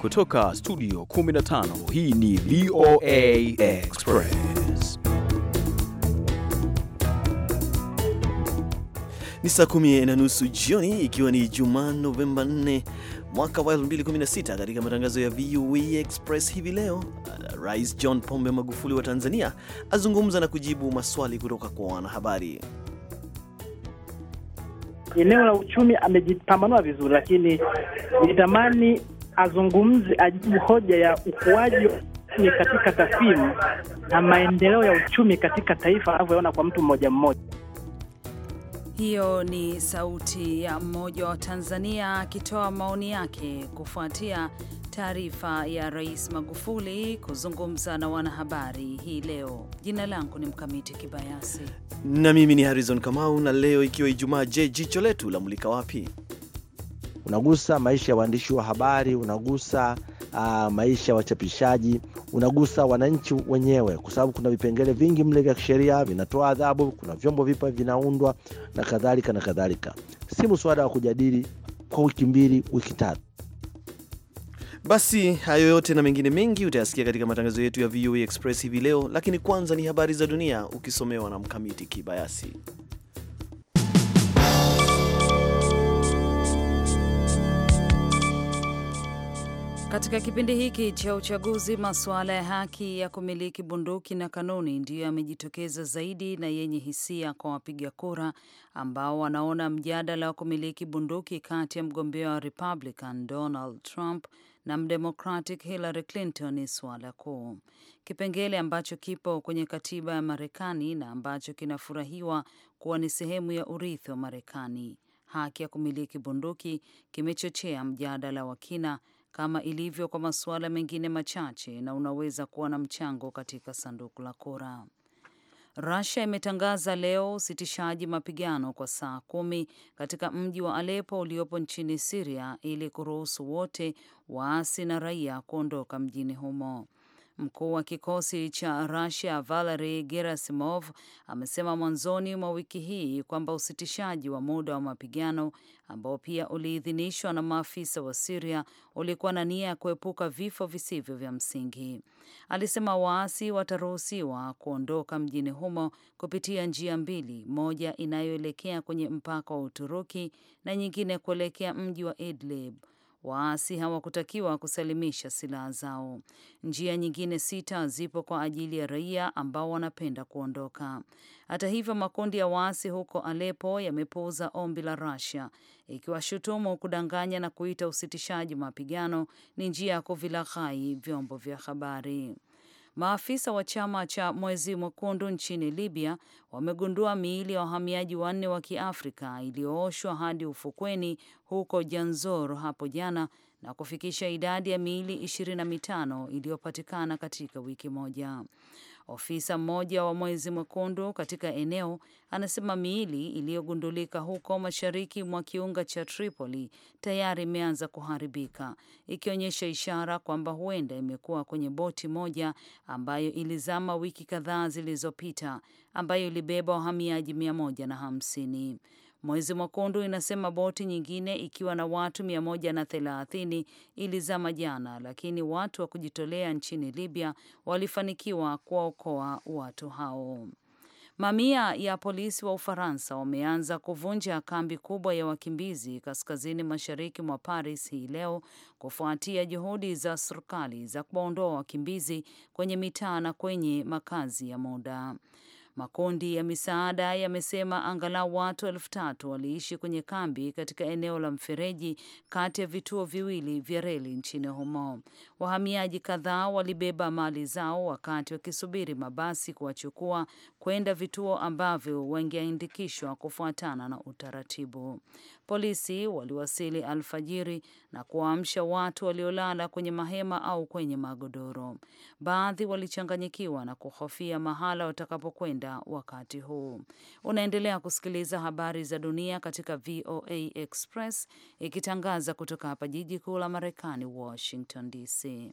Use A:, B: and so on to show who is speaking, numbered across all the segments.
A: Kutoka studio 15 hii ni VOA Express. Ni saa kumi na nusu jioni ikiwa ni Jumaa Novemba 4 mwaka wa 2016. Katika matangazo ya VOA Express hivi leo, Rais John Pombe Magufuli wa Tanzania azungumza na kujibu maswali kutoka kwa wanahabari.
B: Eneo la uchumi amejipambanua vizuri, lakini nitamani azungumzi ajibu hoja ya ukuaji ni katika takwimu na maendeleo ya uchumi katika taifa anavyoona kwa mtu mmoja mmoja.
C: Hiyo ni sauti ya mmoja wa Tanzania akitoa maoni yake kufuatia taarifa ya Rais Magufuli kuzungumza na wanahabari hii leo. Jina langu ni Mkamiti Kibayasi
A: na mimi ni Harrison Kamau, na leo ikiwa Ijumaa, je, jicho letu la mulika wapi?
D: unagusa maisha ya waandishi wa habari, unagusa uh, maisha ya wachapishaji, unagusa wananchi wenyewe, kwa sababu kuna vipengele vingi mle vya kisheria vinatoa adhabu, kuna vyombo vipa vinaundwa na kadhalika na kadhalika. Si mswada wa kujadili kwa wiki mbili, wiki tatu.
A: Basi hayo yote na mengine mengi utayasikia katika matangazo yetu ya VOA e Express hivi leo, lakini kwanza ni habari za dunia ukisomewa na Mkamiti
C: Kibayasi. Katika kipindi hiki cha uchaguzi, masuala ya haki ya kumiliki bunduki na kanuni ndiyo yamejitokeza zaidi na yenye hisia kwa wapiga kura ambao wanaona mjadala wa kumiliki bunduki kati ya mgombea wa Republican Donald Trump na mdemocratic Hillary Clinton ni suala kuu. Kipengele ambacho kipo kwenye katiba ya Marekani na ambacho kinafurahiwa kuwa ni sehemu ya urithi wa Marekani, haki ya kumiliki bunduki, kimechochea mjadala wa kina kama ilivyo kwa masuala mengine machache, na unaweza kuwa na mchango katika sanduku la kura. Russia imetangaza leo usitishaji mapigano kwa saa kumi katika mji wa Aleppo uliopo nchini Syria ili kuruhusu wote waasi na raia kuondoka mjini humo. Mkuu wa kikosi cha Russia Valery Gerasimov amesema mwanzoni mwa wiki hii kwamba usitishaji wa muda wa mapigano ambao pia uliidhinishwa na maafisa wa Siria ulikuwa na nia ya kuepuka vifo visivyo vya msingi. Alisema waasi wataruhusiwa kuondoka mjini humo kupitia njia mbili, moja inayoelekea kwenye mpaka wa Uturuki na nyingine kuelekea mji wa Idlib. Waasi hawakutakiwa kusalimisha silaha zao. Njia nyingine sita zipo kwa ajili ya raia ambao wanapenda kuondoka. Hata hivyo, makundi ya waasi huko alepo yamepuuza ombi la rasia ikiwashutumu kudanganya na kuita usitishaji mapigano ni njia ya kuvilaghai vyombo vya habari. Maafisa wa chama cha Mwezi Mwekundu nchini Libya wamegundua miili ya wahamiaji wanne wa Kiafrika iliyooshwa hadi ufukweni huko Janzor hapo jana na kufikisha idadi ya miili ishirini na mitano iliyopatikana katika wiki moja. Ofisa mmoja wa Mwezi Mwekundu katika eneo anasema miili iliyogundulika huko mashariki mwa kiunga cha Tripoli tayari imeanza kuharibika, ikionyesha ishara kwamba huenda imekuwa kwenye boti moja ambayo ilizama wiki kadhaa zilizopita, ambayo ilibeba wahamiaji mia moja na hamsini. Mwezi Mwekundu inasema boti nyingine ikiwa na watu 130 ilizama jana, lakini watu wa kujitolea nchini Libya walifanikiwa kuwaokoa watu hao. Mamia ya polisi wa Ufaransa wameanza kuvunja kambi kubwa ya wakimbizi kaskazini mashariki mwa Paris hii leo kufuatia juhudi za serikali za kuwaondoa wakimbizi kwenye mitaa na kwenye makazi ya muda. Makundi ya misaada yamesema angalau watu elfu tatu waliishi kwenye kambi katika eneo la mfereji kati ya vituo viwili vya reli nchini humo. Wahamiaji kadhaa walibeba mali zao wakati wakisubiri mabasi kuwachukua kwenda vituo ambavyo wangeandikishwa kufuatana na utaratibu. Polisi waliwasili alfajiri na kuwaamsha watu waliolala kwenye mahema au kwenye magodoro. Baadhi walichanganyikiwa na kuhofia mahala watakapokwenda wakati huu. Unaendelea kusikiliza habari za dunia katika VOA Express ikitangaza kutoka hapa jiji kuu la Marekani, Washington DC.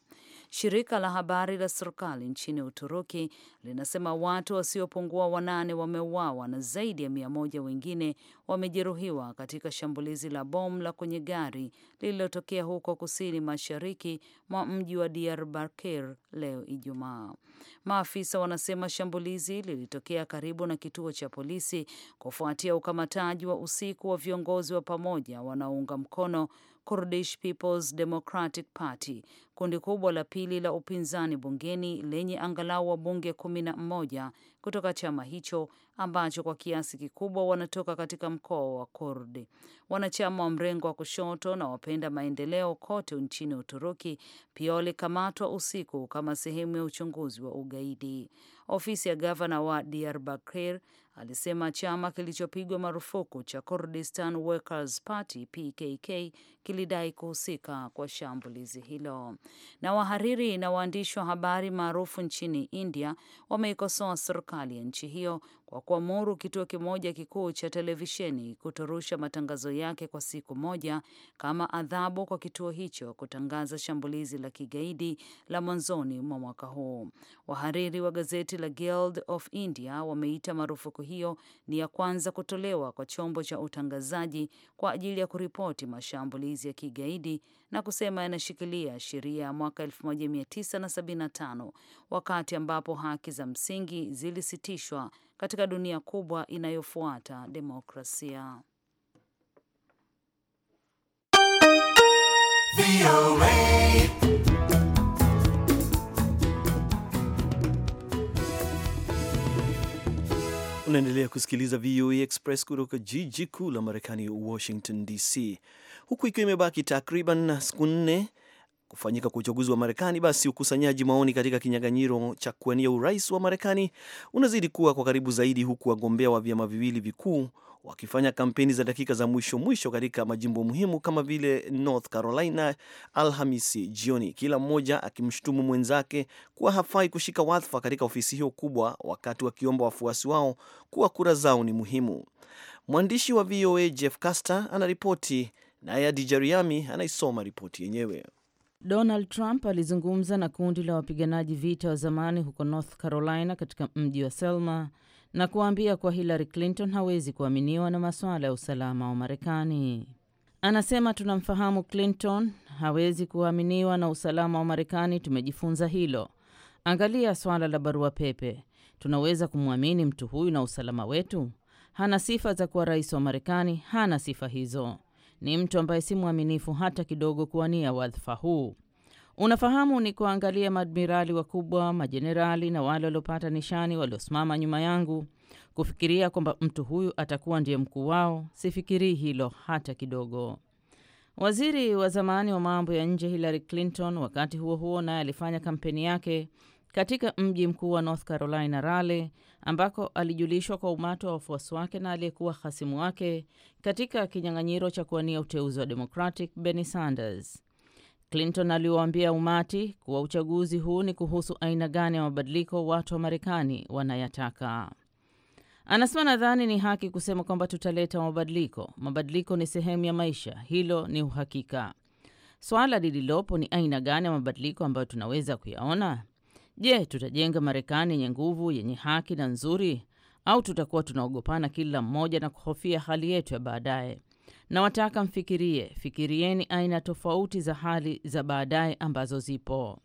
C: Shirika la habari la serikali nchini Uturuki linasema watu wasiopungua wanane wameuawa na zaidi ya mia moja wengine wamejeruhiwa katika shambulizi la bomu la kwenye gari lililotokea huko kusini mashariki mwa mji wa Diyarbakir leo Ijumaa. Maafisa wanasema shambulizi lilitokea karibu na kituo cha polisi kufuatia ukamataji wa usiku wa viongozi wa pamoja wanaounga mkono Kurdish People's Democratic Party, kundi kubwa la pili la upinzani bungeni lenye angalau wabunge kumi na mmoja kutoka chama hicho ambacho kwa kiasi kikubwa wanatoka katika mkoa wa Kurdi. Wanachama wa mrengo wa kushoto na wapenda maendeleo kote nchini Uturuki pia walikamatwa usiku kama sehemu ya uchunguzi wa ugaidi. Ofisi ya gavana wa Diyarbakir alisema chama kilichopigwa marufuku cha Kurdistan Workers Party PKK kilidai kuhusika kwa shambulizi hilo. Na wahariri na waandishi wa habari maarufu nchini India wameikosoa serikali ya nchi hiyo kwa kuamuru kituo kimoja kikuu cha televisheni kutorusha matangazo yake kwa siku moja kama adhabu kwa kituo hicho kutangaza shambulizi la kigaidi la mwanzoni mwa mwaka huu. Wahariri wa gazeti la Guild of India wameita marufuku hiyo ni ya kwanza kutolewa kwa chombo cha utangazaji kwa ajili ya kuripoti mashambulizi ya kigaidi na kusema yanashikilia sheria ya mwaka 1975 wakati ambapo haki za msingi zilisitishwa katika dunia kubwa inayofuata demokrasia.
A: Unaendelea kusikiliza VOA Express kutoka jiji kuu la Marekani, Washington DC, huku ikiwa imebaki takriban siku nne kufanyika kwa uchaguzi wa Marekani, basi ukusanyaji maoni katika kinyang'anyiro cha kuwania urais wa Marekani unazidi kuwa kwa karibu zaidi, huku wagombea wa vyama viwili vikuu wakifanya kampeni za dakika za mwisho mwisho katika majimbo muhimu kama vile North Carolina Alhamisi jioni, kila mmoja akimshutumu mwenzake kuwa hafai kushika wadhifa katika ofisi hiyo kubwa, wakati wakiomba wafuasi wao kuwa kura zao ni muhimu. Mwandishi wa VOA Jeff Caster anaripoti, naye Adija anaisoma ripoti yenyewe.
E: Donald Trump alizungumza na kundi la wapiganaji vita wa zamani huko North Carolina katika mji wa Selma na kuwaambia kuwa Hillary Clinton hawezi kuaminiwa na masuala ya usalama wa Marekani. Anasema tunamfahamu Clinton, hawezi kuaminiwa na usalama wa Marekani, tumejifunza hilo. Angalia swala la barua pepe. Tunaweza kumwamini mtu huyu na usalama wetu? Hana sifa za kuwa rais wa Marekani, hana sifa hizo ni mtu ambaye si mwaminifu hata kidogo kuwania wadhifa huu. Unafahamu, ni kuangalia maadmirali wakubwa, majenerali na wale waliopata nishani waliosimama nyuma yangu, kufikiria kwamba mtu huyu atakuwa ndiye mkuu wao, sifikirii hilo hata kidogo. Waziri wa zamani wa mambo ya nje Hillary Clinton, wakati huo huo, naye alifanya kampeni yake katika mji mkuu wa North Carolina, Raleigh, ambako alijulishwa kwa umati wa wafuasi wake na aliyekuwa hasimu wake katika kinyang'anyiro cha kuwania uteuzi wa Democratic Bernie Sanders. Clinton aliwaambia umati kuwa uchaguzi huu ni kuhusu aina gani ya mabadiliko watu wa Marekani wanayataka. Anasema nadhani ni haki kusema kwamba tutaleta mabadiliko. Mabadiliko ni sehemu ya maisha, hilo ni uhakika. Swala lililopo ni aina gani ya mabadiliko ambayo tunaweza kuyaona. Je, tutajenga Marekani yenye nguvu, yenye haki na nzuri, au tutakuwa tunaogopana kila mmoja na kuhofia hali yetu ya baadaye? Nawataka mfikirie, fikirieni aina tofauti za hali za baadaye ambazo zipo.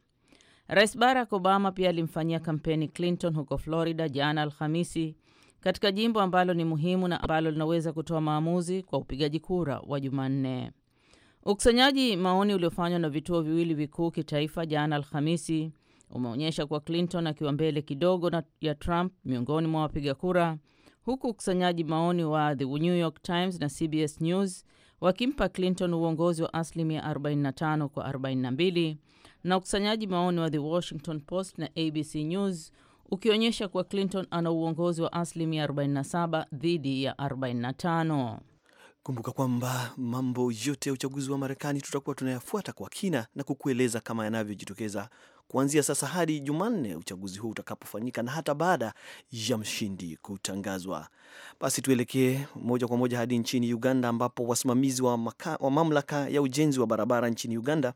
E: Rais Barack Obama pia alimfanyia kampeni Clinton huko Florida jana Alhamisi, katika jimbo ambalo ni muhimu na ambalo linaweza kutoa maamuzi kwa upigaji kura wa Jumanne. Ukusanyaji maoni uliofanywa na vituo viwili vikuu kitaifa jana Alhamisi umeonyesha kuwa Clinton akiwa mbele kidogo na ya Trump miongoni mwa wapiga kura, huku ukusanyaji maoni wa The New York Times na CBS News wakimpa Clinton uongozi wa asilimia 45 kwa 42 na ukusanyaji maoni wa The Washington Post na ABC News ukionyesha kuwa Clinton ana uongozi wa asilimia 47 dhidi ya 45.
A: Kumbuka kwamba mambo yote ya uchaguzi wa Marekani tutakuwa tunayafuata kwa kina na kukueleza kama yanavyojitokeza kuanzia sasa hadi Jumanne uchaguzi huu utakapofanyika na hata baada ya mshindi kutangazwa. Basi tuelekee moja kwa moja hadi nchini Uganda ambapo wasimamizi wa, maka, wa mamlaka ya ujenzi wa barabara nchini Uganda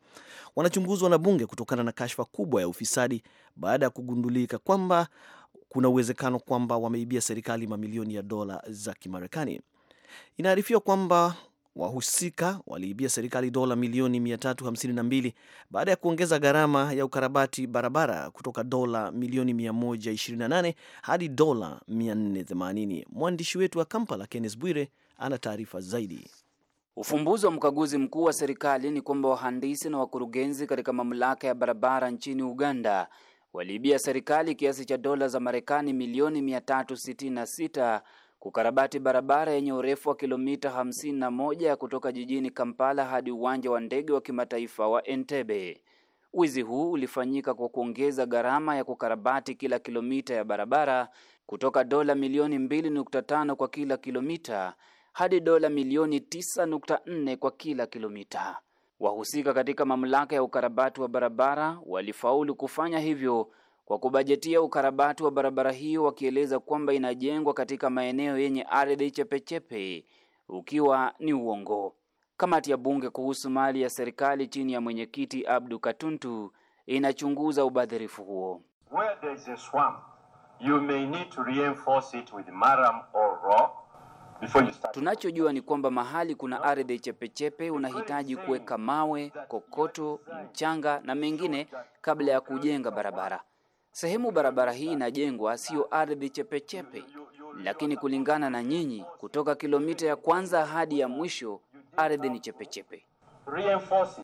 A: wanachunguzwa na bunge kutokana na kashfa kubwa ya ufisadi baada ya kugundulika kwamba kuna uwezekano kwamba wameibia serikali mamilioni ya dola za Kimarekani. Inaarifiwa kwamba Wahusika waliibia serikali dola milioni 352 baada ya kuongeza gharama ya ukarabati barabara kutoka dola milioni 128 hadi dola 480. Mwandishi wetu wa Kampala Kenneth Bwire ana taarifa zaidi.
F: Ufumbuzi wa mkaguzi mkuu wa serikali ni kwamba wahandisi na wakurugenzi katika mamlaka ya barabara nchini Uganda waliibia serikali kiasi cha dola za Marekani milioni 366 kukarabati barabara yenye urefu wa kilomita 51 kutoka jijini Kampala hadi uwanja wa ndege wa kimataifa wa Entebbe. Wizi huu ulifanyika kwa kuongeza gharama ya kukarabati kila kilomita ya barabara kutoka dola milioni 2.5 kwa kila kilomita hadi dola milioni 9.4 kwa kila kilomita. Wahusika katika mamlaka ya ukarabati wa barabara walifaulu kufanya hivyo kwa kubajetia ukarabati wa barabara hiyo, wakieleza kwamba inajengwa katika maeneo yenye ardhi chepechepe, ukiwa ni uongo. Kamati ya bunge kuhusu mali ya serikali chini ya mwenyekiti Abdu Katuntu inachunguza ubadhirifu huo. Tunachojua ni kwamba mahali kuna ardhi chepechepe unahitaji kuweka mawe, kokoto, mchanga na mengine kabla ya kujenga barabara. Sehemu barabara hii inajengwa sio ardhi chepechepe, lakini kulingana na nyinyi, kutoka kilomita ya kwanza hadi ya mwisho ardhi ni chepechepe.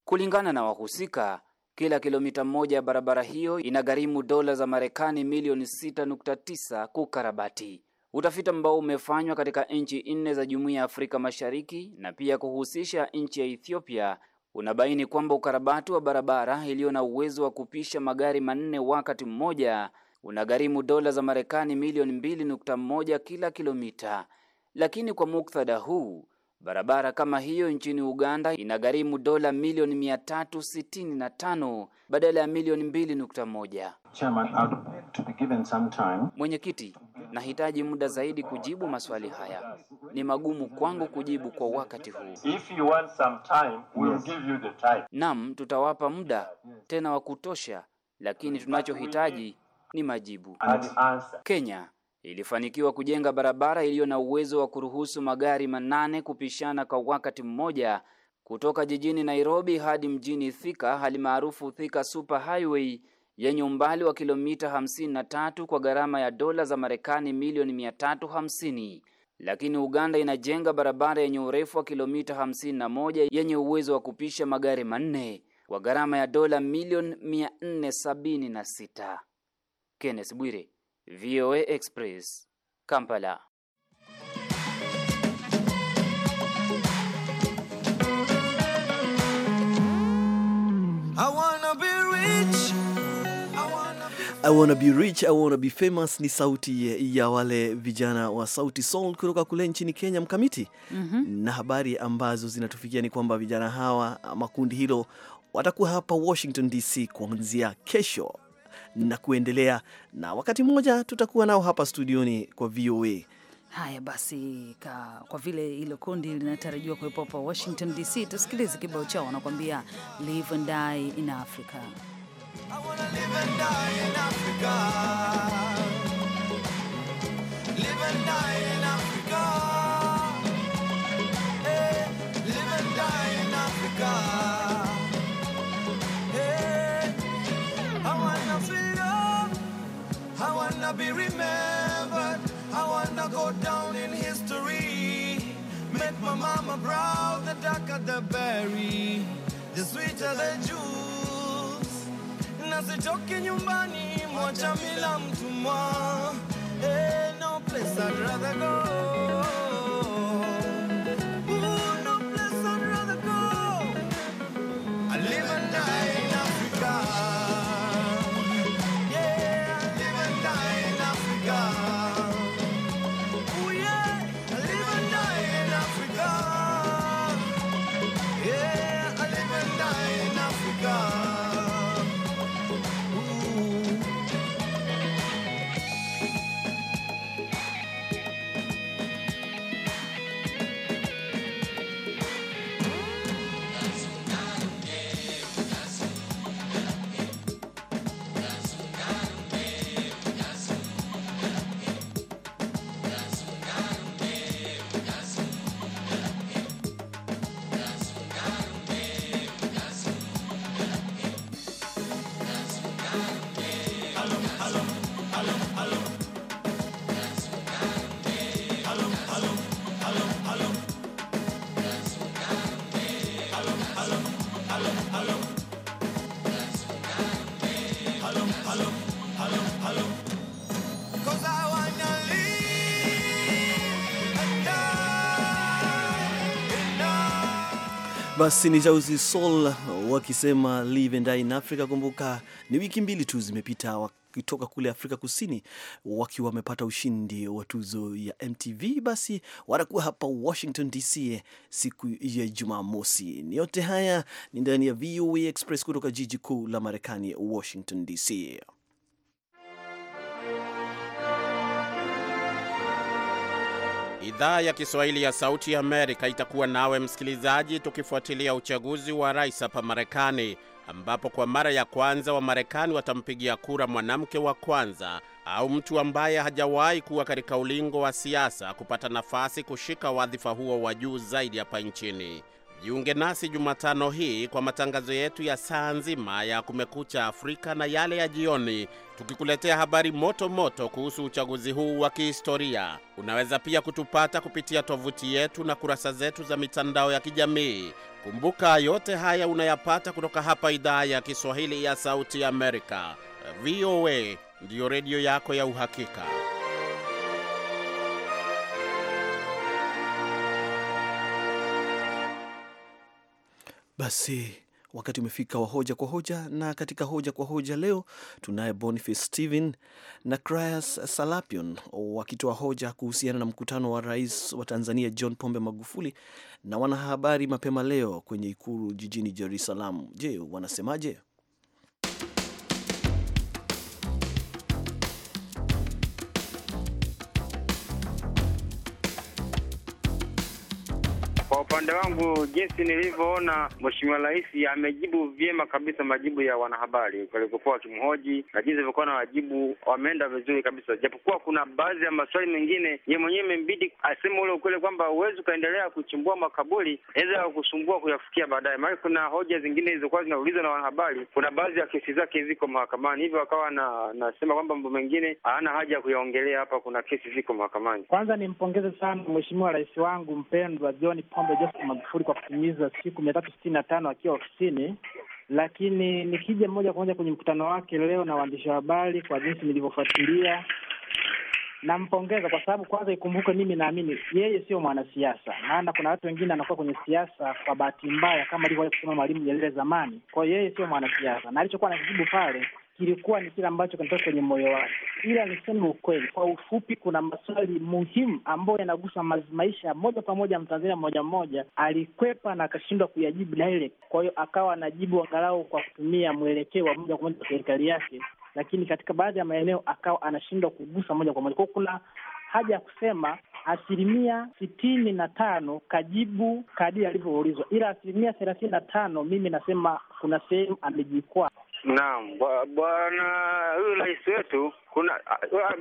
F: Kulingana na wahusika, kila kilomita moja ya barabara hiyo inagharimu dola za Marekani milioni 6.9 kukarabati. Utafiti ambao umefanywa katika nchi nne za Jumuiya ya Afrika Mashariki na pia kuhusisha nchi ya Ethiopia unabaini kwamba ukarabati wa barabara iliyo na uwezo wa kupisha magari manne wakati mmoja unagharimu dola za Marekani milioni 2.1 kila kilomita. Lakini kwa muktadha huu Barabara kama hiyo nchini Uganda inagharimu dola milioni 365 badala ya milioni
D: 2.1.
F: Mwenyekiti, nahitaji muda zaidi kujibu maswali haya, ni magumu kwangu kujibu kwa wakati huu. Naam, tutawapa muda tena wa kutosha, lakini tunachohitaji ni majibu. Kenya ilifanikiwa kujenga barabara iliyo na uwezo wa kuruhusu magari manane kupishana kwa wakati mmoja kutoka jijini Nairobi hadi mjini Thika hali maarufu Thika Super Highway yenye umbali wa kilomita 53 kwa gharama ya dola za Marekani milioni 350. Lakini Uganda inajenga barabara yenye urefu wa kilomita 51 yenye uwezo wa kupisha magari manne kwa gharama ya dola milioni 476. Kenneth Bwire VOA Express Kampala
A: I wanna be rich. I wanna be famous ni sauti ya wale vijana wa Sauti Soul kutoka kule nchini Kenya mkamiti. mm -hmm. Na habari ambazo zinatufikia ni kwamba vijana hawa makundi kundi hilo watakuwa hapa Washington DC kuanzia kesho na kuendelea, na wakati mmoja tutakuwa nao hapa studioni kwa VOA.
C: Haya basi ka, kwa vile ilo kundi linatarajiwa kuwepo hapa Washington DC, tusikilize kibao chao wanakuambia live and die in Africa. I wanna live and die in Africa.
A: wanna be remembered. I wanna go down in history. Make my mama proud, the darker the berry, the sweeter the juice. Nasitoke nyumbani,
D: mwacha mila mtumwa. Hey, no place I'd rather go.
A: Basi ni Jauzi Sol wakisema live and die in Africa. Kumbuka ni wiki mbili tu zimepita wakitoka kule Afrika Kusini wakiwa wamepata ushindi wa tuzo ya MTV. Basi watakuwa hapa Washington DC siku ya Jumamosi. Ni yote haya ni ndani ya VOA Express kutoka jiji kuu la Marekani, Washington DC.
G: Idhaa ya Kiswahili ya Sauti ya Amerika itakuwa nawe msikilizaji, tukifuatilia uchaguzi wa rais hapa Marekani, ambapo kwa mara ya kwanza Wamarekani watampigia kura mwanamke wa kwanza au mtu ambaye hajawahi kuwa katika ulingo wa siasa kupata nafasi kushika wadhifa huo wa juu zaidi hapa nchini. Jiunge nasi Jumatano hii kwa matangazo yetu ya saa nzima ya Kumekucha Afrika na yale ya jioni, tukikuletea habari moto moto kuhusu uchaguzi huu wa kihistoria. Unaweza pia kutupata kupitia tovuti yetu na kurasa zetu za mitandao ya kijamii. Kumbuka, yote haya unayapata kutoka hapa idhaa ya Kiswahili ya Sauti Amerika. VOA ndiyo redio yako ya uhakika.
A: Basi wakati umefika wa hoja kwa hoja, na katika hoja kwa hoja leo tunaye Boniface stehen na Cryas Salapion wakitoa hoja kuhusiana na mkutano wa rais wa Tanzania John Pombe Magufuli na wanahabari mapema leo kwenye ikulu jijini Jerusalem. Je, wanasemaje?
H: upande wangu, jinsi nilivyoona, Mheshimiwa Rais amejibu vyema kabisa majibu ya wanahabari walivyokuwa wakimhoji na jinsi alivyokuwa na wajibu, wameenda vizuri kabisa, japokuwa kuna baadhi ya maswali mengine ye mwenyewe imembidi aseme ule ukweli kwamba huwezi ukaendelea kuchimbua makaburi, ya kusumbua kuyafikia baadaye, maana kuna hoja zingine zilizokuwa zinaulizwa na wanahabari. Kuna baadhi ya kesi zake ziko mahakamani, hivyo akawa na nasema kwamba mambo mengine hana haja ya kuyaongelea hapa, kuna kesi ziko mahakamani.
B: Kwanza nimpongeze sana Mheshimiwa Rais wangu mpendwa John Pombe Joseph Magufuli kwa kutimiza siku mia tatu sitini na tano akiwa ofisini. Lakini nikija moja kwa moja kwenye mkutano wake leo na waandishi wa habari, kwa jinsi nilivyofuatilia, nampongeza kwa sababu kwanza, ikumbuke mimi naamini yeye sio mwanasiasa, maana kuna watu wengine anakuwa kwenye siasa kwa bahati mbaya, kama alivyowahi kusema Mwalimu Nyerere zamani. Kwa hiyo yeye sio mwanasiasa, na alichokuwa anakijibu pale kilikuwa ni kile ambacho kinatoka kwenye moyo wake. Ila niseme ukweli, kwa ufupi, kuna maswali muhimu ambayo yanagusa maisha ya moja kwa moja Mtanzania mmoja mmoja, alikwepa na akashindwa kuyajibu direct. Kwa hiyo akawa anajibu angalau kwa kutumia mwelekeo wa moja kwa moja wa serikali yake, lakini katika baadhi ya maeneo akawa anashindwa kugusa moja kwa moja. Kwa hiyo kuna haja ya kusema asilimia sitini na tano kajibu kadiri alivyoulizwa, ila asilimia thelathini na tano mimi nasema kuna sehemu amejikwaa. Naam,
H: bwana huyu rais wetu kuna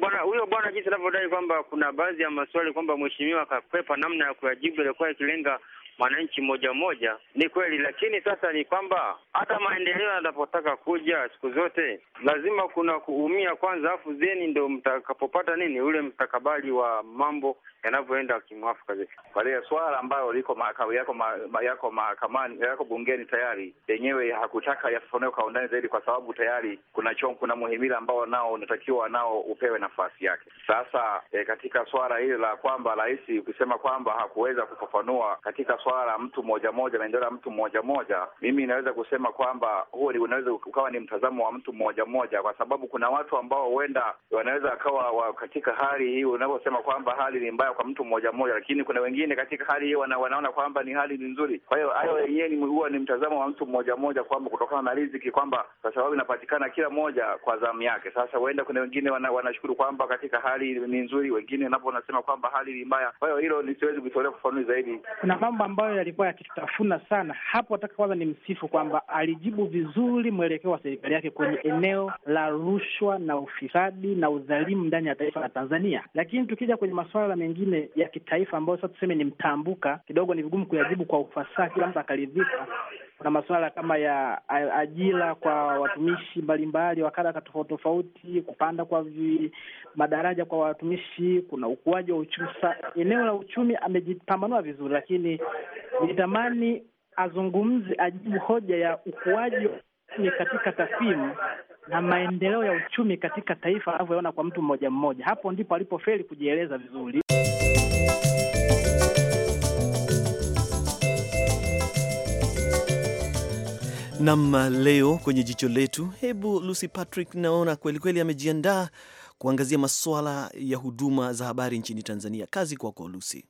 H: bwana huyo bwana, jinsi anavyodai kwamba kuna baadhi ya maswali kwamba mheshimiwa akakwepa namna ya kuyajibu yalikuwa ikilenga mwananchi moja moja ni kweli. Lakini sasa ni kwamba hata maendeleo yanapotaka kuja siku zote lazima kuna kuumia kwanza, afu zeni ndo mtakapopata nini ule mstakabali wa mambo yanavyoenda kimwafaka. Kwa hiyo swala ambayo liko yako yako mahakamani yako bungeni tayari yenyewe hakutaka yafafanue kwa undani zaidi, kwa sababu tayari kuna chom, kuna muhimili ambao nao unatakiwa nao upewe nafasi yake. Sasa e, katika swala hili la kwamba rais ukisema kwamba hakuweza kufafanua katika swala la mtu mmoja mmoja, maendeleo ya mtu mmoja mmoja, mimi naweza kusema kwamba huo unaweza ukawa ni mtazamo wa mtu mmoja mmoja, kwa sababu kuna watu ambao huenda wanaweza wakawa katika hali hii unavyosema kwamba hali ni mbaya kwa, mtu mmoja mmoja, lakini kuna wengine katika hali hiyo wana, wanaona kwamba ni hali ni nzuri. Kwa hiyo hayo yenyewe ni huwa ni mtazamo wa mtu mmoja mmoja, kwamba kutokana na riziki kwamba kwa sababu inapatikana kila mmoja kwa zamu yake. Sasa huenda kuna wengine wanashukuru kwamba katika hali ni nzuri, wengine napo wanasema kwamba hali ni mbaya. Kwa hiyo hilo nisiwezi kutolea kufafanui zaidi.
B: Kuna mambo ambayo yalikuwa yakitafuna sana hapo. Nataka kwanza ni msifu kwamba alijibu vizuri mwelekeo wa serikali yake kwenye eneo la rushwa na ufisadi na udhalimu ndani ya taifa la Tanzania, lakini tukija kwenye masuala mengine mengine ya kitaifa ambayo sasa tuseme ni mtambuka kidogo, ni vigumu kuyajibu kwa ufasaha, kila mtu akaridhika. Kuna masuala kama ya ajira kwa watumishi mbalimbali wa kada tofauti tofauti, kupanda kwa vi, madaraja kwa watumishi, kuna ukuaji wa uchumi. Eneo la uchumi amejipambanua vizuri, lakini nitamani azungumze, ajibu hoja ya ukuaji ni katika takwimu na maendeleo ya uchumi katika taifa anavyoona kwa mtu mmoja mmoja. Hapo ndipo alipofeli kujieleza vizuri.
A: Nam, leo kwenye jicho letu, hebu Lucy Patrick naona kwelikweli amejiandaa kuangazia masuala ya huduma za habari nchini Tanzania. Kazi kwako Lucy.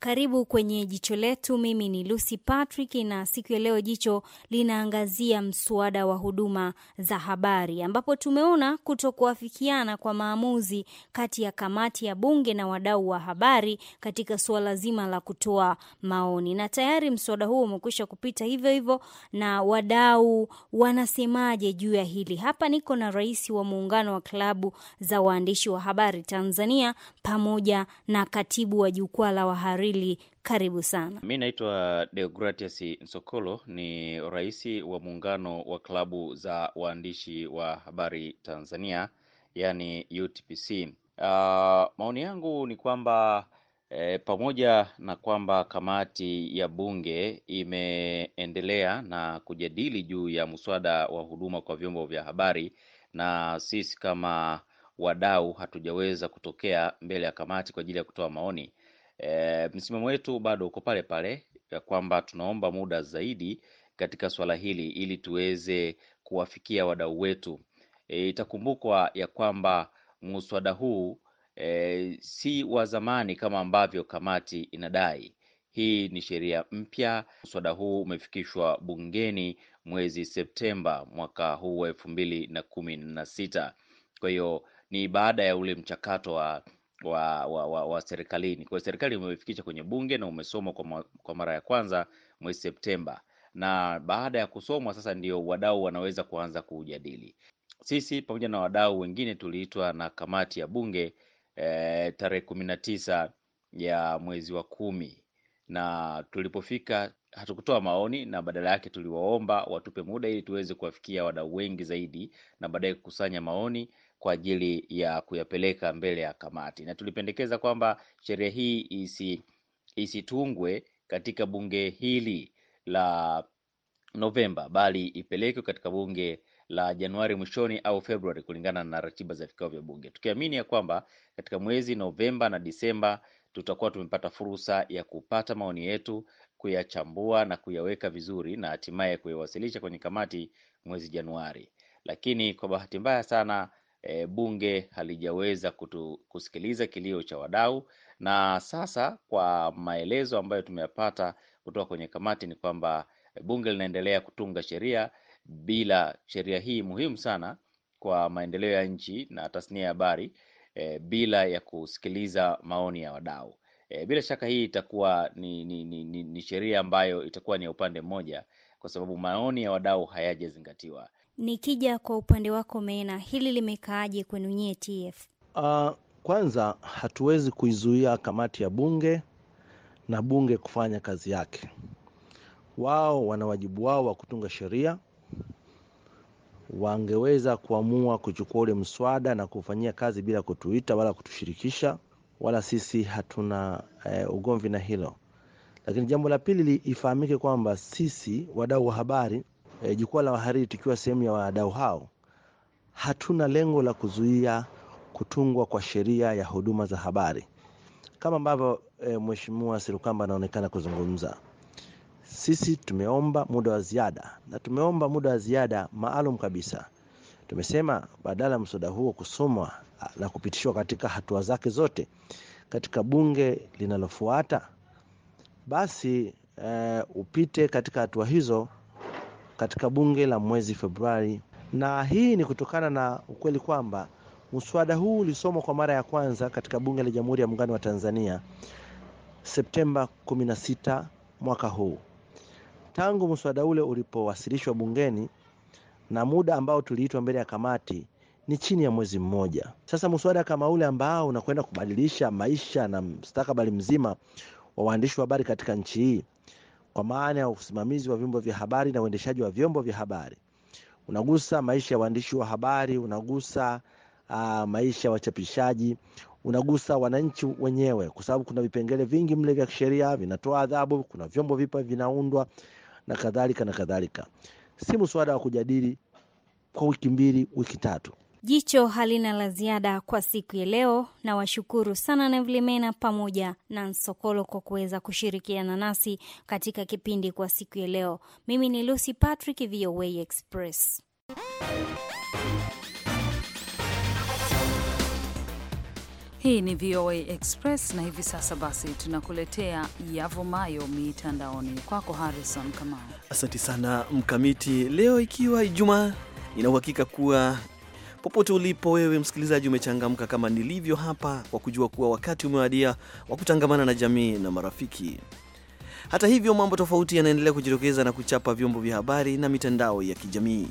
I: Karibu kwenye jicho letu. Mimi ni Lucy Patrick, na siku ya leo jicho linaangazia mswada wa huduma za habari, ambapo tumeona kutokuafikiana kwa maamuzi kati ya kamati ya bunge na wadau wa habari katika suala zima la kutoa maoni, na tayari mswada huo umekwisha kupita hivyo hivyo. Na wadau wanasemaje juu ya hili? Hapa niko na rais wa muungano wa klabu za waandishi wa habari Tanzania pamoja na katibu wa jukwaa la wahariri Swahili. Karibu sana.
G: Mi naitwa Deogratias Nsokolo, ni rais wa muungano wa klabu za waandishi wa habari Tanzania, yani UTPC. Uh, ah, maoni yangu ni kwamba E, pamoja na kwamba kamati ya bunge imeendelea na kujadili juu ya mswada wa huduma kwa vyombo vya habari, na sisi kama wadau hatujaweza kutokea mbele ya kamati kwa ajili ya kutoa maoni, E, msimamo wetu bado uko pale pale ya kwamba tunaomba muda zaidi katika swala hili ili tuweze kuwafikia wadau wetu. E, itakumbukwa ya kwamba muswada huu e, si wa zamani kama ambavyo kamati inadai. Hii ni sheria mpya. Muswada huu umefikishwa bungeni mwezi Septemba mwaka huu wa elfu mbili na kumi na sita. Kwa hiyo ni baada ya ule mchakato wa wa, wa, wa, wa serikalini. Kwa serikali umeifikisha kwenye bunge na umesomwa kwa, ma, kwa mara ya kwanza mwezi Septemba, na baada ya kusomwa sasa ndio wadau wanaweza kuanza kuujadili. Sisi pamoja na wadau wengine tuliitwa na kamati ya bunge eh, tarehe kumi na tisa ya mwezi wa kumi na tulipofika hatukutoa maoni na badala yake tuliwaomba watupe muda ili tuweze kuwafikia wadau wengi zaidi na baadaye kukusanya maoni kwa ajili ya kuyapeleka mbele ya kamati, na tulipendekeza kwamba sheria hii isi, isitungwe katika bunge hili la Novemba, bali ipelekwe katika bunge la Januari mwishoni au Februari kulingana na ratiba za vikao vya bunge, tukiamini ya kwamba katika mwezi Novemba na Disemba tutakuwa tumepata fursa ya kupata maoni yetu, kuyachambua na kuyaweka vizuri na hatimaye kuyawasilisha kwenye kamati mwezi Januari. Lakini kwa bahati mbaya sana e, bunge halijaweza kutu, kusikiliza kilio cha wadau, na sasa kwa maelezo ambayo tumeyapata kutoka kwenye kamati ni kwamba e, bunge linaendelea kutunga sheria bila sheria hii muhimu sana kwa maendeleo ya nchi na tasnia ya habari e, bila ya kusikiliza maoni ya wadau. E, bila shaka hii itakuwa ni, ni, ni, ni, ni sheria ambayo itakuwa ni ya upande mmoja kwa sababu
D: maoni ya wadau hayajazingatiwa.
I: Nikija kwa upande wako Mena, hili limekaaje kwenu nyie TF?
D: Uh, ah, kwanza hatuwezi kuizuia kamati ya bunge na bunge kufanya kazi yake. Wao wana wajibu wao wa kutunga sheria wangeweza kuamua kuchukua ule mswada na kufanyia kazi bila kutuita wala kutushirikisha, wala sisi hatuna e, ugomvi na hilo. Lakini jambo la pili, ifahamike kwamba sisi wadau wa habari e, jukwaa la wahariri tukiwa sehemu ya wadau hao, hatuna lengo la kuzuia kutungwa kwa sheria ya huduma za habari kama ambavyo e, Mheshimiwa Sirukamba anaonekana kuzungumza. Sisi tumeomba muda wa ziada na tumeomba muda wa ziada maalum kabisa. Tumesema badala ya mswada huo kusomwa ah, na kupitishwa katika hatua zake zote katika bunge linalofuata, basi e, upite katika hatua hizo katika bunge la mwezi Februari, na hii ni kutokana na ukweli kwamba mswada huu ulisomwa kwa mara ya kwanza katika bunge la Jamhuri ya Muungano wa Tanzania Septemba 16 mwaka huu tangu mswada ule ulipowasilishwa bungeni na muda ambao tuliitwa mbele ya kamati ni chini ya mwezi mmoja. Sasa mswada kama ule ambao unakwenda kubadilisha maisha na mstakabali mzima wa waandishi wa habari katika nchi hii, kwa maana ya usimamizi wa vyombo vya habari na uendeshaji wa vyombo vya habari, unagusa maisha ya waandishi wa habari, unagusa uh, maisha ya wachapishaji, unagusa wananchi wenyewe, kwa sababu kuna vipengele vingi mle vya kisheria vinatoa adhabu, kuna vyombo vipa vinaundwa na kadhalika na kadhalika. Si mswada wa kujadili kwa wiki mbili, wiki tatu.
I: Jicho halina la ziada kwa siku ya leo, na washukuru sana Navlimena pamoja na Nsokolo kwa kuweza kushirikiana nasi katika kipindi kwa siku ya leo. Mimi ni Lucy
C: Patrick, VOA Express. Hii ni VOA Express na hivi sasa basi tunakuletea yavumayo mitandaoni. Kwako Harrison Kamau.
A: Asante sana Mkamiti. Leo ikiwa Ijumaa, nina uhakika kuwa popote ulipo wewe msikilizaji umechangamka kama nilivyo hapa, kwa kujua kuwa wakati umewadia wa kutangamana na jamii na marafiki. Hata hivyo, mambo tofauti yanaendelea kujitokeza na kuchapa vyombo vya habari na mitandao ya kijamii.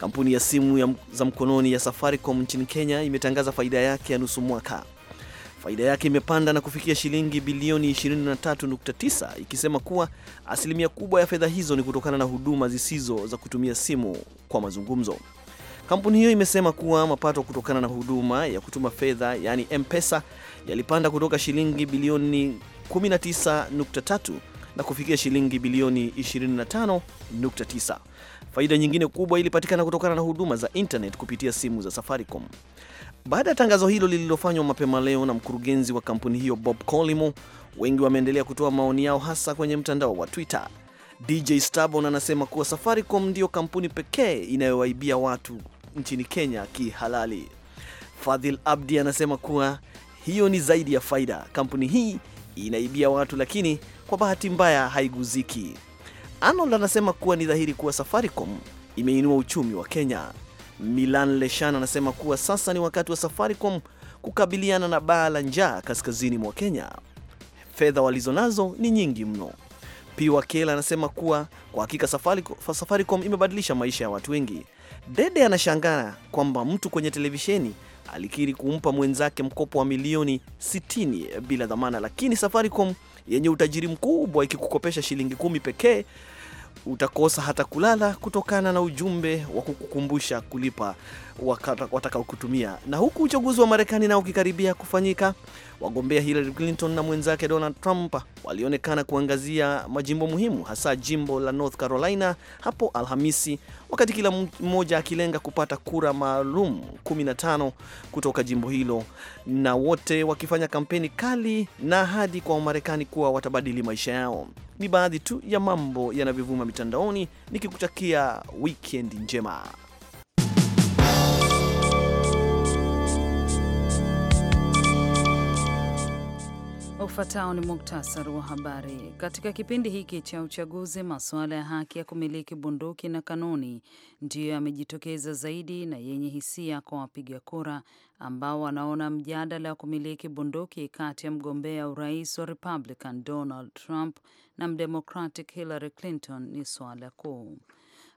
A: Kampuni ya simu ya za mkononi ya Safaricom nchini Kenya imetangaza faida yake ya nusu mwaka. Faida yake imepanda na kufikia shilingi bilioni 23.9 ikisema kuwa asilimia kubwa ya fedha hizo ni kutokana na huduma zisizo za kutumia simu kwa mazungumzo. Kampuni hiyo imesema kuwa mapato kutokana na huduma ya kutuma fedha yaani M-Pesa yalipanda kutoka shilingi bilioni 19.3 na kufikia shilingi bilioni 25.9. Faida nyingine kubwa ilipatikana kutokana na huduma za internet kupitia simu za Safaricom. Baada ya tangazo hilo lililofanywa mapema leo na mkurugenzi wa kampuni hiyo Bob colimo wengi wameendelea kutoa maoni yao hasa kwenye mtandao wa Twitter. DJ Stabon anasema kuwa Safaricom ndiyo kampuni pekee inayowaibia watu nchini Kenya kihalali. Fadhil Abdi anasema kuwa hiyo ni zaidi ya faida, kampuni hii inaibia watu, lakini kwa bahati mbaya haiguziki. Arnold anasema kuwa ni dhahiri kuwa Safaricom imeinua uchumi wa Kenya. Milan Leshan anasema kuwa sasa ni wakati wa Safaricom kukabiliana na baa la njaa kaskazini mwa Kenya. Fedha walizonazo ni nyingi mno. Piwa Kela anasema kuwa kwa hakika Safaricom, Safaricom imebadilisha maisha ya watu wengi. Dede anashangaa kwamba mtu kwenye televisheni alikiri kumpa mwenzake mkopo wa milioni 60 bila dhamana, lakini Safaricom yenye utajiri mkubwa ikikukopesha shilingi kumi pekee utakosa hata kulala kutokana na ujumbe wa kukukumbusha kulipa watakaokutumia. Na huku uchaguzi wa Marekani nao ukikaribia kufanyika, wagombea Hillary Clinton na mwenzake Donald Trump walionekana kuangazia majimbo muhimu, hasa jimbo la North Carolina hapo Alhamisi, wakati kila mmoja akilenga kupata kura maalum 15 kutoka jimbo hilo, na wote wakifanya kampeni kali na ahadi kwa Wamarekani kuwa watabadili maisha yao. Ni baadhi tu ya mambo yanavyovuma mitandaoni, nikikutakia wikendi njema.
C: Ufuatao ni muktasari wa habari. Katika kipindi hiki cha uchaguzi, masuala ya haki ya kumiliki bunduki na kanuni ndiyo yamejitokeza zaidi na yenye hisia kwa wapiga kura ambao wanaona mjadala wa kumiliki bunduki kati ya mgombea urais wa Republican Donald Trump na mdemocratic Hillary Clinton ni suala kuu.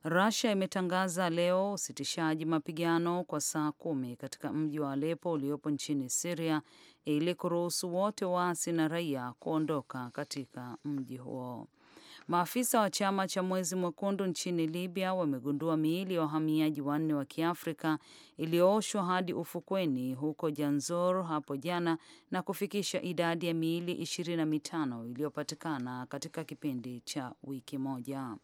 C: rasia imetangaza leo usitishaji mapigano kwa saa kumi katika mji wa alepo uliopo nchini siria ili kuruhusu wote waasi na raia kuondoka katika mji huo. Maafisa wa chama cha Mwezi Mwekundu nchini Libya wamegundua miili ya wahamiaji wanne wa Kiafrika iliyooshwa hadi ufukweni huko Janzor hapo jana na kufikisha idadi ya miili ishirini na mitano iliyopatikana katika kipindi cha wiki moja.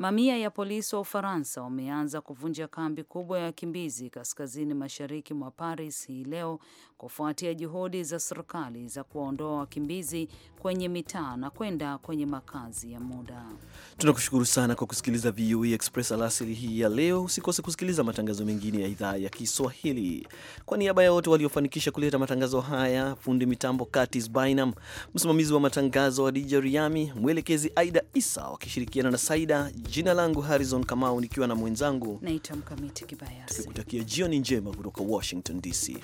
C: Mamia ya polisi wa Ufaransa wameanza kuvunja kambi kubwa ya wakimbizi kaskazini mashariki mwa Paris hii leo kufuatia juhudi za serikali za kuwaondoa wakimbizi kwenye mitaa na kwenda kwenye makazi ya muda.
A: Tunakushukuru sana kwa kusikiliza VOA e Express alasiri hii ya leo. Usikose kusikiliza matangazo mengine ya idhaa ya Kiswahili. Kwa niaba ya wote waliofanikisha kuleta matangazo haya, fundi mitambo Curtis Bynum, msimamizi wa matangazo wa Dija Riami, mwelekezi Aida Isa wakishirikiana na Saida Jina langu Harrison Kamau, nikiwa na mwenzangu
C: naitwa Mkamiti Kibayasi.
A: Tukikutakia jioni njema kutoka Washington DC.